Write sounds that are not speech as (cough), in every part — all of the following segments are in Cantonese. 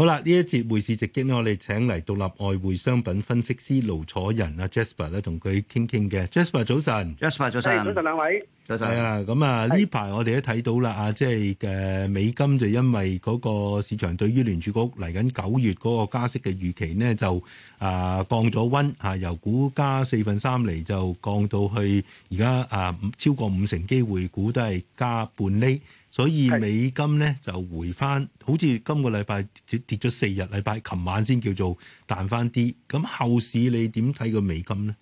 .好啦，呢一節匯市直擊呢，我哋請嚟獨立外匯商品分析師盧楚仁阿 Jasper 咧，同佢傾傾嘅。Jasper 早晨，Jasper、hey, 早晨，早晨兩位，早晨安。Hey. 啊，咁啊呢排我哋都睇到啦，啊即係嘅美金就因為嗰個市場對於聯儲局嚟緊九月嗰個加息嘅預期呢，就、呃、降溫，啊降咗溫吓，由估加四分三厘就降到去而家啊超過五成機會估都係加半厘。所以美金咧係就回翻，好似今個禮拜跌跌咗四日，禮拜琴晚先叫做彈翻啲。咁後市你點睇個美金咧？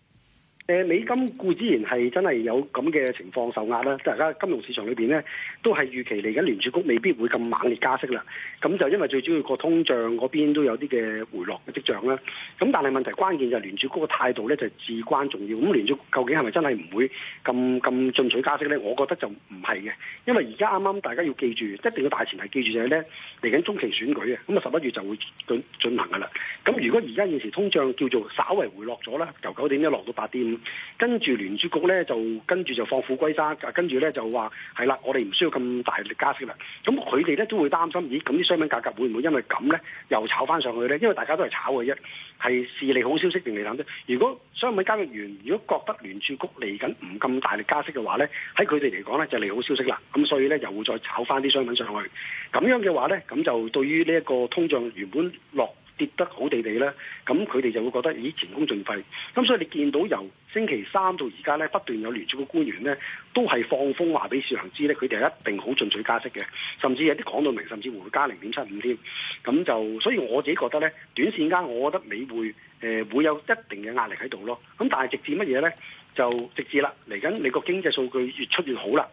美金固之然係真係有咁嘅情況受壓啦，大家金融市場裏面呢，都係預期嚟緊聯儲局未必會咁猛烈加息啦。咁就因為最主要個通脹嗰邊都有啲嘅回落嘅跡象啦。咁但係問題關鍵就係聯儲局嘅態度呢，就至關重要。咁聯儲究竟係咪真係唔會咁咁進取加息呢？我覺得就唔係嘅，因為而家啱啱大家要記住，一定要大前提記住就係呢嚟緊中期選舉啊，咁啊十一月就會進行噶啦。咁如果而家現時通脹叫做稍為回落咗啦，由九點一落到八點五。跟住聯儲局咧，就跟住就放虎歸山，跟住咧就話係啦，我哋唔需要咁大力加息啦。咁佢哋咧都會擔心，咦？咁啲商品價格會唔會因為咁呢，又炒翻上去呢？因為大家都係炒嘅啫，係視利好消息定利淡啫。如果商品交易員如果覺得聯儲局嚟緊唔咁大力加息嘅話呢，喺佢哋嚟講呢，就利好消息啦。咁所以呢，又會再炒翻啲商品上去。咁樣嘅話呢，咁就對於呢一個通脹原本落跌得好地地咧，咁佢哋就會覺得咦，前功盡廢。咁所以你見到由星期三到而家咧，不斷有聯儲局官員咧都係放風話俾市場知咧，佢哋係一定好進取加息嘅，甚至有啲講到明，甚至會加零點七五添，咁就所以我自己覺得咧，短線間我覺得你會誒、呃、會有一定嘅壓力喺度咯，咁但係直至乜嘢咧就直至啦，嚟緊美國經濟數據越出越好啦。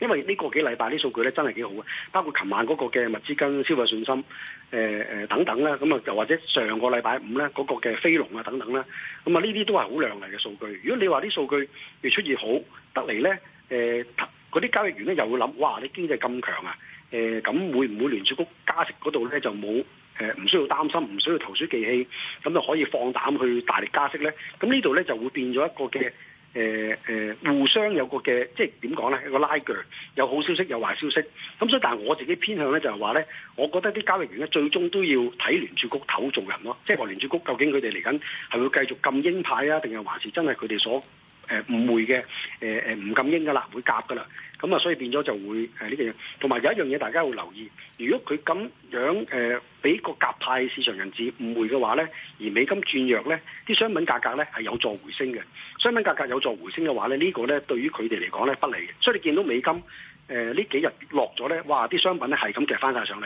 因為呢個幾禮拜啲數據咧真係幾好嘅，包括琴晚嗰個嘅物資跟消費信心，誒誒等等啦。咁啊又或者上個禮拜五咧嗰個嘅飛龍啊等等啦。咁啊呢啲都係好亮麗嘅數據。如果你話啲數據越出越好得嚟咧，誒嗰啲交易員咧又會諗，哇！你經濟咁強啊，誒咁會唔會聯儲局加息嗰度咧就冇誒唔需要擔心，唔需要投鼠忌器，咁就可以放膽去大力加息咧？咁呢度咧就會變咗一個嘅。誒誒、呃，互相有個嘅，即係點講咧？一個拉鋸，有好消息有壞消息。咁所以，但係我自己偏向咧，就係話咧，我覺得啲交易員咧，最終都要睇聯儲局頭做人咯。即係話，聯儲局究竟佢哋嚟緊係會繼續咁鷹派啊，定係還是真係佢哋所？誒誤會嘅，誒誒唔敢應噶啦，會夾噶啦，咁、嗯、啊所以變咗就會誒呢樣嘢，同、啊、埋有一樣嘢大家要留意，如果佢咁樣誒俾、呃、個鴿派市場人士誤會嘅話咧，而美金轉弱咧，啲商品價格咧係有助回升嘅，商品價格有助回升嘅話咧，這個、呢個咧對於佢哋嚟講咧不利嘅，所以你見到美金。誒呢、呃、幾日落咗呢，哇！啲商品咧係咁夾翻晒上嚟，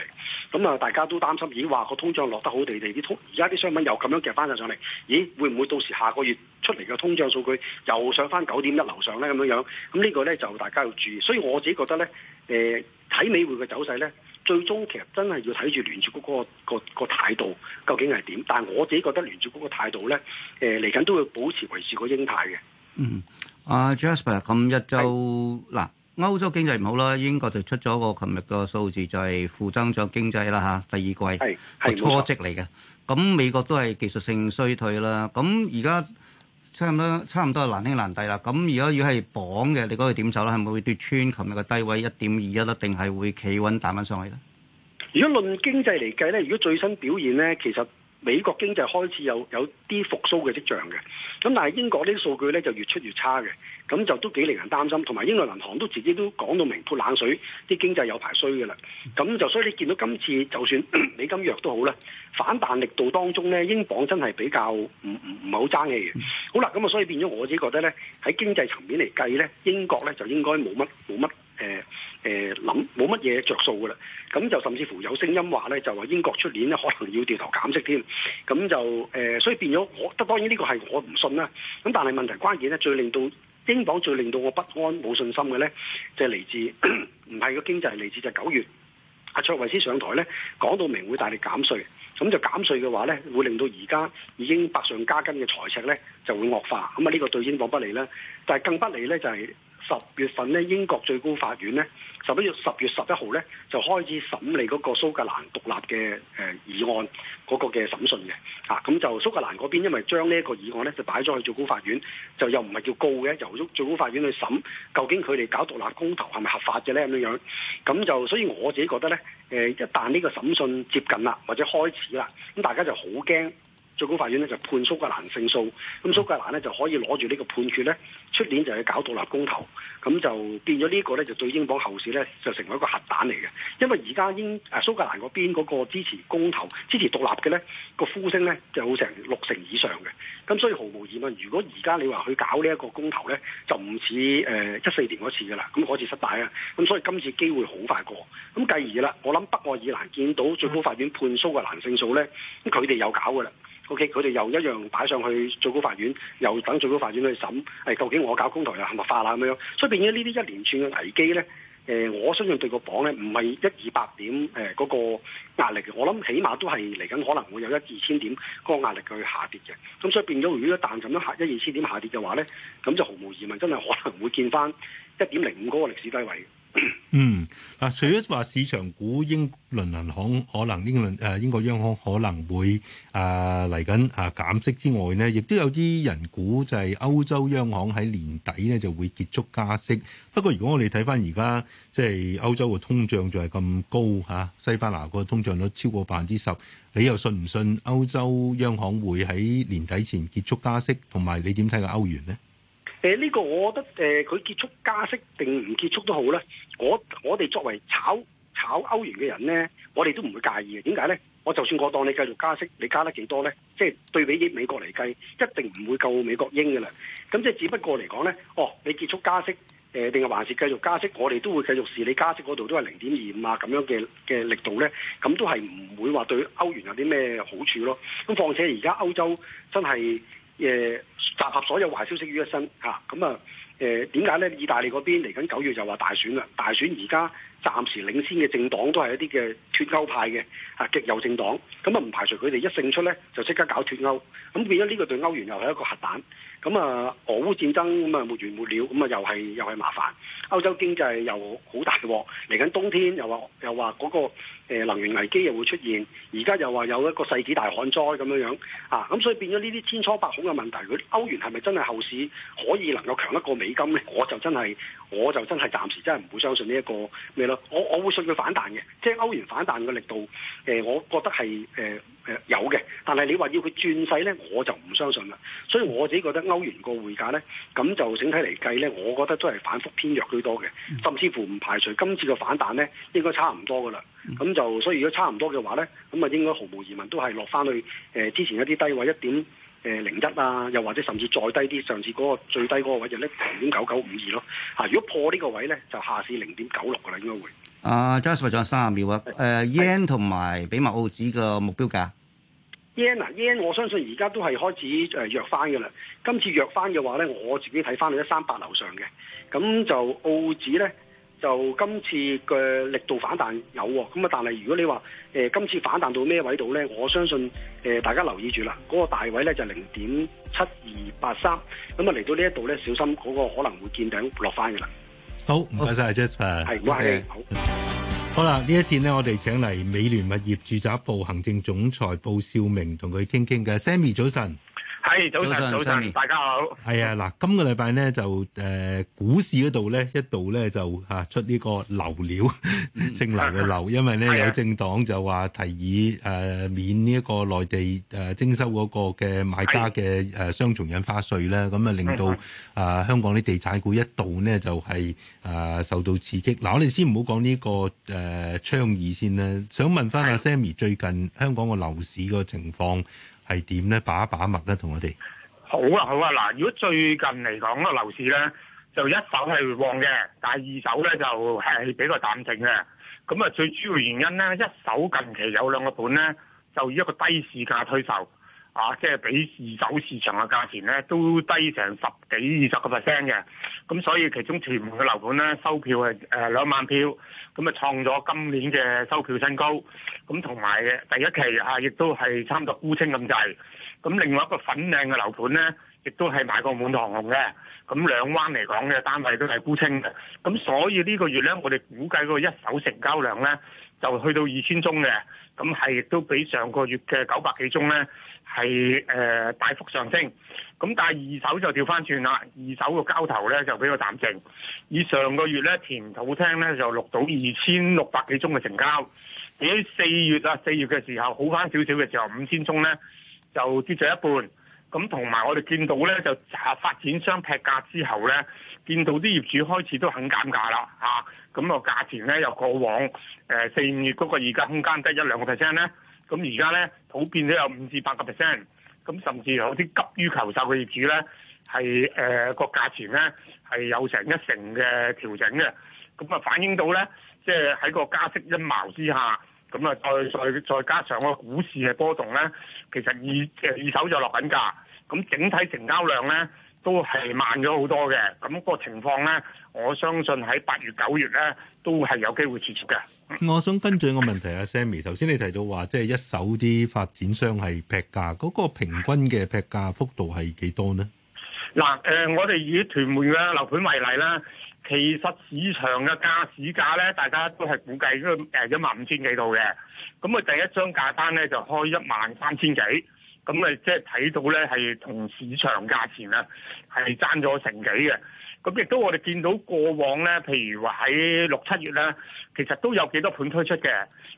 咁、嗯、啊大家都擔心，咦？話個通脹落得好地地，啲通而家啲商品又咁樣夾翻晒上嚟，咦？會唔會到時下個月出嚟嘅通脹數據又上翻九點一樓上呢？咁樣樣，咁、嗯、呢、這個呢，就大家要注意。所以我自己覺得呢，誒、呃、睇美匯嘅走勢呢，最終其實真係要睇住聯儲局嗰個個態度究竟係點。但係我自己覺得聯儲局嘅態度呢，誒嚟緊都會保持維持個鷹派嘅。嗯，阿 Jasper，咁一週嗱。歐洲的經濟唔好啦，英國就出咗個琴日個數字就係、是、負增長經濟啦嚇，第二季係係初值嚟嘅。咁美國都係技術性衰退啦。咁而家差唔多差唔多是難兄難弟啦。咁如果要係鎊嘅，你覺得點走咧？係咪會奪穿琴日嘅低位一點二一咧？定係會企穩彈翻上去咧？如果論經濟嚟計咧，如果最新表現咧，其實。美國經濟開始有有啲復甦嘅跡象嘅，咁但係英國啲數據咧就越出越差嘅，咁就都幾令人擔心。同埋英國銀行都自己都講到明，潑冷水，啲經濟有排衰嘅啦。咁就所以你見到今次就算 (coughs) 美金弱都好啦，反彈力度當中咧，英鎊真係比較唔唔唔係好爭氣嘅。好啦，咁啊，所以變咗我自己覺得咧，喺經濟層面嚟計咧，英國咧就應該冇乜冇乜。誒誒，諗冇乜嘢着數噶啦，咁就甚至乎有聲音話咧，就話英國出年咧可能要掉頭減息添，咁就誒、欸，所以變咗我，當然呢個係我唔信啦。咁但係問題關鍵咧，最令到英鎊最令到我不安冇信心嘅咧，就係、是、嚟自唔係 (coughs) 個經濟，嚟自就九月阿、啊、卓惠斯上台咧，講到明會大力減稅，咁就減稅嘅話咧，會令到而家已經百上加斤嘅財赤咧就會惡化，咁啊呢個對英鎊不利咧，但係更不利咧就係、是。十月份咧，英國最高法院咧十一月十月十一號咧就開始審理嗰個蘇格蘭獨立嘅誒、呃、議案嗰、嗰個嘅審訊嘅，啊咁就蘇格蘭嗰邊因為將呢一個議案咧就擺咗去最高法院，就又唔係叫告嘅，由最高法院去審究竟佢哋搞獨立公投係咪合法嘅咧咁樣樣，咁就所以我自己覺得咧誒、呃，但呢個審訊接近啦或者開始啦，咁大家就好驚。最高法院咧就判蘇格蘭勝訴，咁蘇格蘭咧就可以攞住呢個判決咧，出年就要搞獨立公投，咁就變咗呢個咧就對英鎊後市咧就成為一個核彈嚟嘅，因為而家英啊蘇格蘭嗰邊嗰個支持公投、支持獨立嘅咧、嗰個呼聲咧就好成六成以上嘅，咁所以毫無疑問，如果而家你話去搞呢一個公投咧，就唔似誒一四年嗰次嘅啦，咁嗰次失敗啊，咁所以今次機會好快過，咁繼而啦，我諗北愛爾蘭見到最高法院判蘇格蘭勝訴咧，咁佢哋有搞嘅啦。O K，佢哋又一樣擺上去最高法院，又等最高法院去審。誒，究竟我搞公投又係咪化啦咁樣？所以變咗呢啲一連串嘅危機呢誒、呃，我相信對個榜呢唔係一二百點誒嗰、呃那個壓力我諗起碼都係嚟緊可能會有一二千點嗰個壓力去下跌嘅。咁所以變咗，如果一旦咁樣下一二千點下跌嘅話呢，咁就毫無疑問，真係可能會見翻一點零五嗰個歷史低位。嗯，嗱，除咗話市場估英倫銀行可能英倫誒英國央行可能會啊嚟緊啊減息之外呢，亦都有啲人估就係歐洲央行喺年底呢就會結束加息。不過，如果我哋睇翻而家即係歐洲嘅通脹仲係咁高吓，西班牙個通脹率超過百分之十，你又信唔信歐洲央行會喺年底前結束加息？同埋，你點睇個歐元呢？誒呢個，我覺得誒佢結束加息定唔結束都好咧。我我哋作為炒炒歐元嘅人咧，我哋都唔會介意嘅。點解咧？我就算我當你繼續加息，你加得幾多咧？即係對比起美國嚟計，一定唔會夠美國英嘅啦。咁即係只不過嚟講咧，哦，你結束加息，誒定係還是繼續加息，我哋都會繼續視你加息嗰度都係零點二五啊咁樣嘅嘅力度咧。咁都係唔會話對歐元有啲咩好處咯。咁況且而家歐洲真係。誒，集合所有壞消息於一身嚇，咁啊誒，點解咧？意大利嗰邊嚟緊九月就話大選啦，大選而家。暫時領先嘅政黨都係一啲嘅脱歐派嘅啊，極右政黨，咁啊唔排除佢哋一勝出呢，就即刻搞脱歐，咁變咗呢個對歐元又係一個核彈，咁啊俄烏戰爭咁啊沒完沒了，咁啊又係又係麻煩，歐洲經濟又好大嘅嚟緊冬天又話又話嗰個能源危機又會出現，而家又話有一個世紀大旱災咁樣樣啊，咁所以變咗呢啲千瘡百孔嘅問題，歐元係咪真係後市可以能夠強得過美金呢？我就真係。我就真係暫時真係唔會相信呢一個咩咯，我我會信佢反彈嘅，即係歐元反彈嘅力度，誒、呃，我覺得係誒誒有嘅。但係你話要佢轉勢咧，我就唔相信啦。所以我自己覺得歐元個匯價咧，咁就整體嚟計咧，我覺得都係反覆偏弱居多嘅，甚至乎唔排除今次嘅反彈咧，應該差唔多噶啦。咁就所以如果差唔多嘅話咧，咁啊應該毫無疑問都係落翻去誒、呃、之前一啲低位一點。誒零一啊，又或者甚至再低啲，上次嗰個最低嗰個位就咧零點九九五二咯嚇、啊，如果破呢個位咧，就下市零點九六噶啦，應該會。啊 Justin 仲、uh, 有三十秒啊，誒 yen 同埋畀埋澳紙嘅目標價 yen 啊 yen，我相信而家都係開始誒、呃、弱翻嘅啦。今次弱翻嘅話咧，我自己睇翻你一三八樓上嘅，咁就澳紙咧。就今次嘅力度反彈有咁、哦、啊，但係如果你話誒、呃、今次反彈到咩位度咧？我相信誒、呃、大家留意住啦，嗰、那個大位咧就零點七二八三咁啊，嚟到呢一度咧小心嗰、那個可能會見頂落翻嘅啦。好，唔該晒 Jasper 係、哦，唔該曬，okay, okay. 好。好啦，呢一次呢，我哋請嚟美聯物業住宅部行政總裁布少明同佢傾傾嘅。Sammy，早晨。係早晨，早晨，大家好。係啊，嗱，今個禮拜呢，就誒，股市嗰度呢，一度呢，就吓出呢個流料， (laughs) 姓流嘅流，因為呢，有政黨就話提議誒免呢一個內地誒徵收嗰個嘅買家嘅誒雙重印花稅呢。咁啊的令到啊香港啲地產股一度呢，就係啊受到刺激。嗱的，我哋先唔好講呢個誒倡議先啦，想問翻阿 Sammy 最近香港個樓市個情況。係點咧？把一把脈咧，同我哋好啊，好啊！嗱，如果最近嚟講，個樓市咧，就一手係旺嘅，但係二手咧就係比較淡靜嘅。咁啊，最主要原因咧，一手近期有兩個盤咧，就以一個低市價推售。啊，即係比二手市場嘅價錢咧，都低成十幾二十個 percent 嘅。咁所以其中全部嘅樓盤咧，收票係誒兩萬票，咁啊創咗今年嘅收票新高。咁同埋第一期啊，亦都係差唔多沽清咁滯。咁另外一個粉嶺嘅樓盤咧，亦都係買過滿堂紅嘅。咁兩灣嚟講嘅單位都係沽清嘅。咁所以呢個月咧，我哋估計個個一手成交量咧，就去到二千宗嘅。咁係亦都比上個月嘅九百幾宗咧。係誒、呃、大幅上升，咁但係二手就調翻轉啦，二手個交投咧就比較淡靜。以上個月咧，田土廳咧就錄到二千六百幾宗嘅成交。而喺四月啊，四月嘅時候好翻少少嘅時候，五千宗咧就跌咗一半。咁同埋我哋見到咧，就發展商劈價之後咧，見到啲業主開始都肯減價啦，咁、啊、個價錢咧又過往四五、呃、月嗰個議價空間得一兩個 percent 咧。呢咁而家咧普遍都有五至八個 percent，咁甚至有啲急於求售嘅業主咧，係誒、呃、個價錢咧係有成一成嘅調整嘅，咁啊反映到咧，即係喺個加息陰謀之下，咁啊再再再加上個股市嘅波動咧，其實二誒二手就落緊價，咁整體成交量咧都係慢咗好多嘅，咁、那個情況咧，我相信喺八月九月咧都係有機會持續嘅。我想跟住個問題，阿 Sammy，頭先你提到話，即係一手啲發展商係劈價，嗰個平均嘅劈價幅度係幾多呢？嗱，誒，我哋以屯門嘅樓盤為例啦，其實市場嘅價市價咧，大家都係估計都誒一萬五千幾度嘅，咁佢第一張價單咧就開一萬三千幾。咁啊，即係睇到咧，係同市場價錢啊，係爭咗成幾嘅。咁亦都我哋見到過往咧，譬如話喺六七月咧，其實都有幾多盤推出嘅。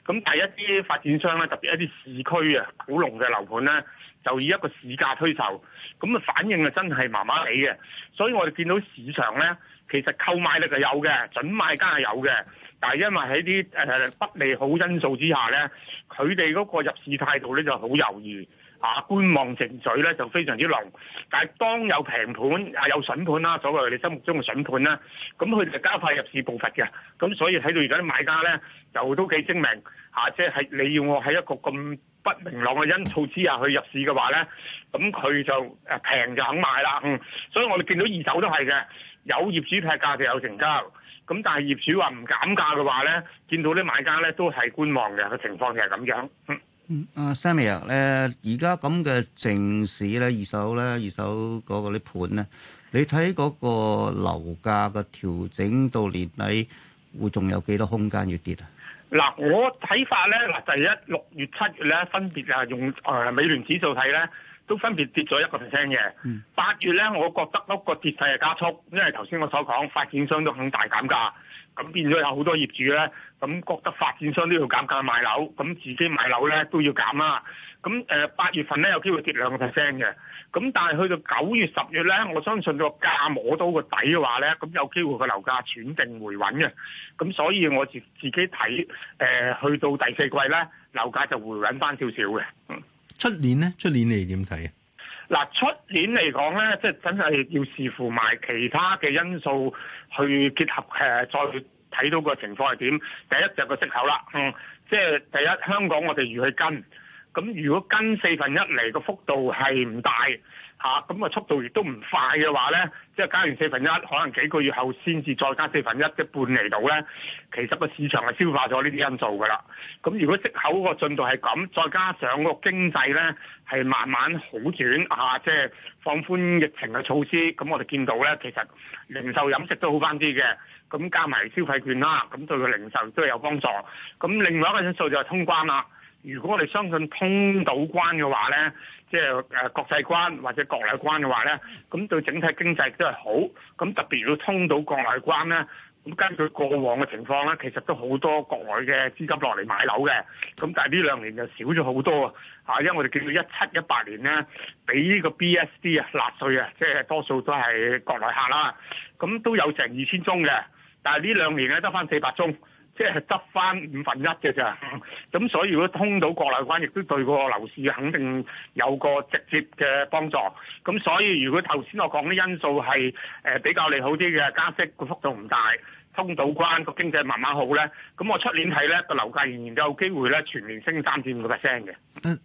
咁但係一啲發展商咧，特別一啲市區啊、古龍嘅樓盤咧，就以一個市價推售，咁啊反應啊真係麻麻地嘅。所以我哋見到市場咧，其實購買力係有嘅，準買家係有嘅，但係因為喺啲誒不利好因素之下咧，佢哋嗰個入市態度咧就好猶豫。啊，觀望情緒咧就非常之濃，但係當有平盤、有筍盤啦，所謂你心目中嘅筍盤啦，咁佢哋就加快入市步伐嘅，咁所以睇到而家啲買家咧就都幾精明，嚇即係你要我喺一個咁不明朗嘅因素之下去入市嘅話咧，咁佢就平、啊、就肯買啦，嗯，所以我哋見到二手都係嘅，有業主劈價就有成交，咁但係業主話唔減價嘅話咧，見到啲買家咧都係觀望嘅，個情況就係咁樣，嗯。嗯，阿 Sammy 咧，而家咁嘅城市咧，二手咧，二手嗰個啲盤咧，你睇嗰個樓價個調整到年底會仲有幾多空間要跌啊？嗱，我睇法咧，嗱、就係，第一，六月七月咧，分別啊用誒、呃、美聯指數睇咧。都分別跌咗一個 percent 嘅。八月咧，我覺得嗰個跌勢係加速，因為頭先我所講發展商都肯大減價，咁變咗有好多業主咧，咁覺得發展商都要減價賣樓，咁自己買樓咧都要減啦。咁誒八月份咧有機會跌兩個 percent 嘅。咁但係去到九月、十月咧，我相信個價摸到個底嘅話咧，咁有機會個樓價轉正回穩嘅。咁所以我自自己睇誒、呃，去到第四季咧，樓價就回穩翻少少嘅。出年咧，出年你點睇啊？嗱，出年嚟講咧，即係真係要視乎埋其他嘅因素去結合誒，再去睇到個情況係點。第一就係個息口啦，嗯，即係第一香港我哋如去跟，咁如果跟四分一嚟，個幅度係唔大。嚇咁啊，速度亦都唔快嘅話咧，即係加完四分一，可能幾個月後先至再加四分一，即係半釐度咧。其實個市場係消化咗呢啲因素㗎啦。咁如果息口個進度係咁，再加上個經濟咧係慢慢好轉啊，即係放寬疫情嘅措施，咁我哋見到咧，其實零售飲食都好翻啲嘅。咁加埋消費券啦，咁對個零售都係有幫助。咁另外一個因素就係通關啦。如果我哋相信通到關嘅話咧，即係誒國際關或者國內關嘅話咧，咁對整體經濟都係好。咁特別要通到國內關咧，咁根據過往嘅情況咧，其實都好多國內嘅資金落嚟買樓嘅。咁但係呢兩年就少咗好多啊！嚇，因為我哋見到一七一八年咧，俾呢個 BSD 啊，納稅啊，即係多數都係國內客啦。咁都有成二千宗嘅，但係呢兩年咧得返四百宗。即係執翻五分一嘅咋，咁所以如果通到國內關，亦都對個樓市肯定有個直接嘅幫助。咁所以如果頭先我講啲因素係誒比較利好啲嘅，加息個幅度唔大，通到關個經濟慢慢好咧，咁我出年睇咧個樓價仍然都有機會咧全年升三至五個 percent 嘅。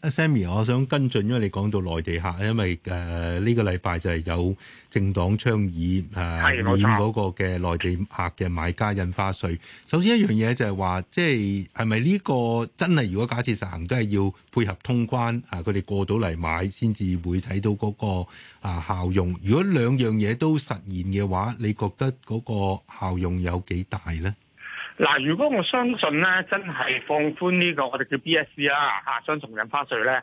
阿 Sammy，我想跟進，因為你講到內地客，因為誒呢個禮拜就係有。政黨倡議誒免嗰個嘅內地客嘅買家印花稅。嗯、首先一樣嘢就係話，即係係咪呢個真係？如果假設實行都係要配合通關啊，佢哋過到嚟買先至會睇到嗰個啊效用。如果兩樣嘢都實現嘅話，你覺得嗰個效用有幾大咧？嗱，如果我相信咧，真係放寬呢、呢個我哋叫 BSC 啦，嚇雙重印花稅咧。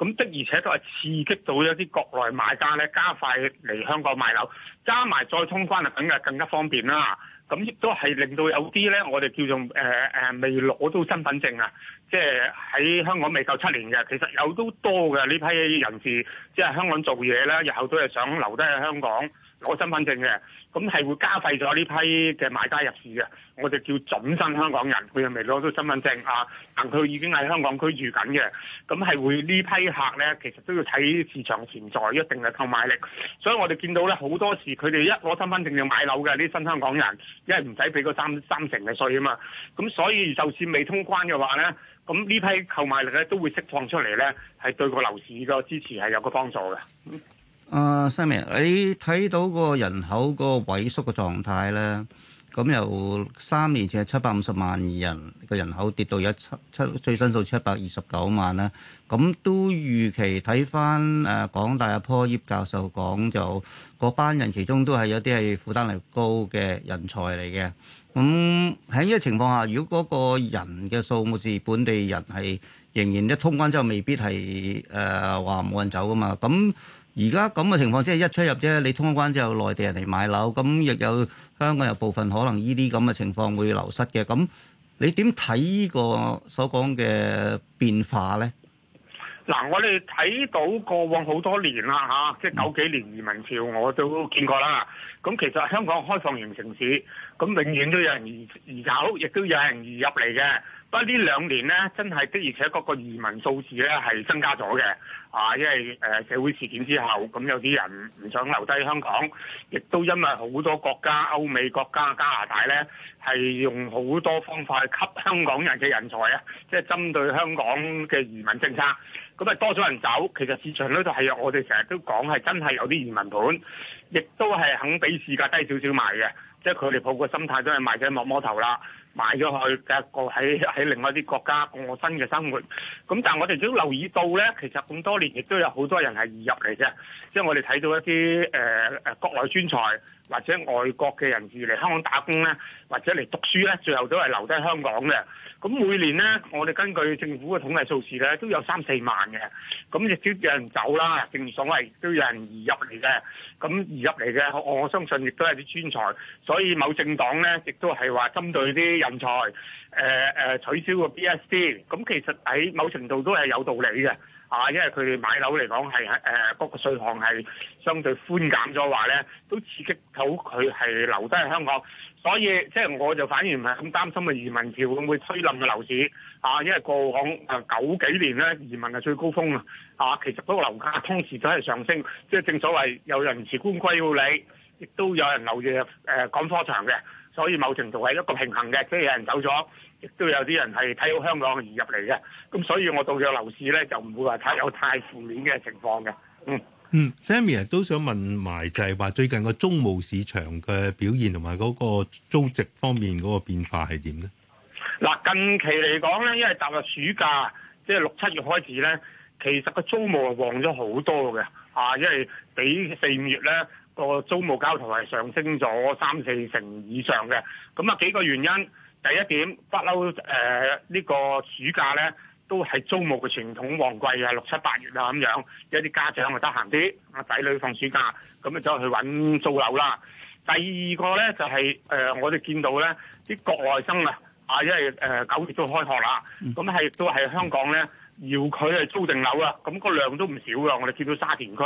咁的而且都係刺激到一啲國內買家咧，加快嚟香港買樓，加埋再通關啊，梗係更加方便啦。咁亦都係令到有啲咧，我哋叫做誒未攞到身份證啊，即係喺香港未夠七年嘅，其實有都多嘅呢批人士，即係香港做嘢啦，日後都係想留低喺香港。攞身份證嘅，咁係會加費咗呢批嘅買家入市嘅。我哋叫準新香港人，佢又未攞到身份證啊，但、嗯、佢已經喺香港區住緊嘅。咁係會呢批客咧，其實都要睇市場存在一定嘅購買力。所以我哋見到咧好多時，佢哋一攞身份證就買樓嘅啲新香港人，因為唔使俾嗰三三成嘅稅啊嘛。咁所以，就算未通關嘅話咧，咁呢批購買力咧都會釋放出嚟咧，係對個樓市個支持係有個幫助嘅。啊，Sammy、呃，你睇到個人口個萎縮嘅狀態咧，咁由三年前七百五十萬人個人口跌到有七七最新數七百二十九萬啦，咁都預期睇返誒港大阿 Paul 葉教授講就嗰班人其中都係有啲係負擔力高嘅人才嚟嘅，咁喺呢個情況下，如果嗰個人嘅數目是本地人係仍然一通關之後未必係誒話冇人走噶嘛，咁。而家咁嘅情況，即係一出入啫。你通咗關之後，內地人嚟買樓，咁亦有香港有部分可能呢啲咁嘅情況會流失嘅。咁你點睇呢個所講嘅變化咧？嗱，我哋睇到過往好多年啦，吓，即係九幾年移民潮我都見過啦。咁其實香港開放型城市，咁永遠都有人移走，亦都有人移入嚟嘅。不過呢兩年咧，真係的而且確個移民數字咧係增加咗嘅。啊，因為誒、呃、社會事件之後，咁有啲人唔想留低香港，亦都因為好多國家、歐美國家、加拿大咧，係用好多方法去吸香港人嘅人才啊，即、就、係、是、針對香港嘅移民政策，咁啊多咗人走，其實市場呢度係我哋成日都講係真係有啲移民盤，亦都係肯畀市價低少少賣嘅，即係佢哋抱個心態都係賣緊摸摸頭啦。買咗去嘅個喺喺另外一啲國家過新嘅生活，咁但係我哋都留意到咧，其實咁多年亦都有好多人係移入嚟嘅，即係我哋睇到一啲誒誒國內專才。或者外國嘅人士嚟香港打工咧，或者嚟讀書咧，最後都係留低香港嘅。咁每年咧，我哋根據政府嘅統計數字咧，都有三四萬嘅。咁亦都有人走啦，正所謂都有人移入嚟嘅。咁移入嚟嘅，我我相信亦都係啲專才。所以某政黨咧，亦都係話針對啲人才，誒誒取消個 BSD。咁其實喺某程度都係有道理嘅。啊，因為佢哋買樓嚟講係誒嗰個稅項係相對寬減咗，話咧都刺激到佢係留低喺香港，所以即係、就是、我就反而唔係咁擔心嘅移民潮會唔會推冧嘅樓市、啊、因為過往誒、呃、九幾年咧移民係最高峰啊，其實嗰個樓價通時都係上升，即、就、係、是、正所謂有人辭官歸要，要你亦都有人留住講、呃、趕科場嘅，所以某程度係一個平衡嘅，即、就、係、是、有人走咗。亦都有啲人係睇好香港而入嚟嘅，咁所以我到咗樓市咧就唔會話太有太負面嘅情況嘅。嗯嗯，Sammy 都想問埋就係話最近個租務市場嘅表現同埋嗰個租值方面嗰個變化係點咧？嗱，近期嚟講咧，因為踏入暑假，即係六七月開始咧，其實個租務係旺咗好多嘅，啊，因為比四五月咧個租務交投係上升咗三四成以上嘅。咁啊幾個原因？第一點，不嬲誒呢個暑假咧，都係租務嘅傳統旺季啊，六七八月啊咁樣，有一啲家長啊得閒啲，仔女放暑假，咁啊走去搵租樓啦。第二個咧就係、是、誒、呃，我哋見到咧啲國外生啊，啊，因為、呃、九月都開學啦，咁係亦都係香港咧要佢係租定樓啦，咁、那個量都唔少㗎。我哋見到沙田區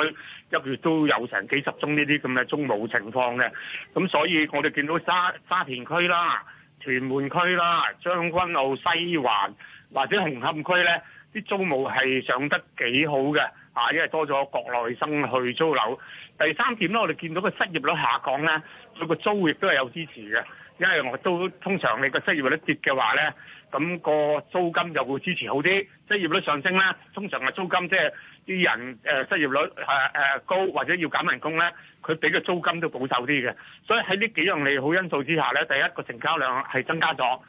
一月都有成幾十宗呢啲咁嘅租務情況嘅，咁所以我哋見到沙沙田區啦。屯門區啦、將軍澳、西環或者紅磡區呢啲租務係上得幾好嘅，嚇，因為多咗國內生去租樓。第三點呢，我哋見到個失業率下降呢，佢個租亦都係有支持嘅，因為我都通常你個失業率跌嘅話呢。咁個租金就會支持好啲，失業率上升咧，通常嘅租金即係啲人、呃、失業率、呃呃、高或者要減人工咧，佢俾個租金都保守啲嘅。所以喺呢幾樣利好因素之下咧，第一個成交量係增加咗，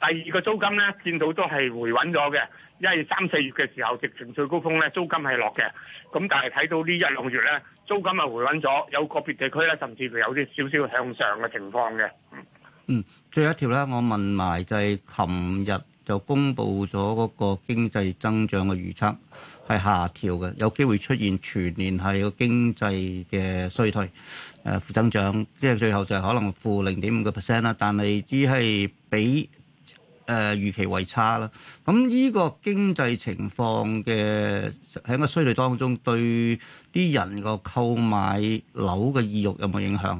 第二個租金咧見到都係回穩咗嘅。因為三四月嘅時候直情最高峰咧，租金係落嘅，咁但係睇到一呢一兩月咧，租金啊回穩咗，有個別地區咧甚至乎有啲少少向上嘅情況嘅。嗯，最後一條咧，我問埋就係，琴日就公布咗嗰個經濟增長嘅預測係下調嘅，有機會出現全年係個經濟嘅衰退，負、呃、增長，即係最後就係可能負零點五個 percent 啦。但係只係比誒、呃、預期為差啦。咁呢個經濟情況嘅喺個衰退當中，對啲人個購買樓嘅意欲有冇影響？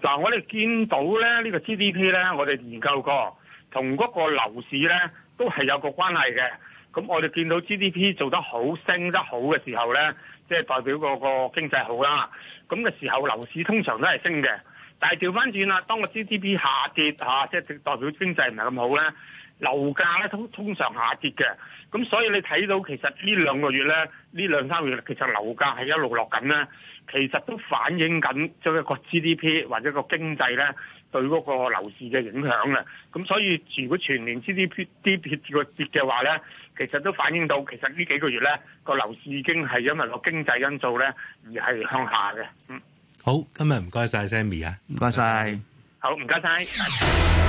嗱、這個，我哋見到咧，呢個 GDP 咧，我哋研究過，同嗰個樓市咧都係有個關係嘅。咁我哋見到 GDP 做得好、升得好嘅時候咧，即係代表嗰個經濟好啦。咁嘅時候，樓市通常都係升嘅。但係調翻轉啦，當個 GDP 下跌吓，即係代表經濟唔係咁好咧。樓價咧通通常下跌嘅，咁所以你睇到其實呢兩個月咧，呢兩三個月其實樓價係一路落緊咧，其實都反映緊即係一個 GDP 或者個經濟咧對嗰個樓市嘅影響啦。咁所以如果全年 GDP 啲跌個跌嘅話咧，其實都反映到其實呢幾個月咧個樓市已經係因為個經濟因素咧而係向下嘅。嗯，好，今日唔該晒 Sammy 啊，唔該晒。好，唔該晒。謝謝謝謝。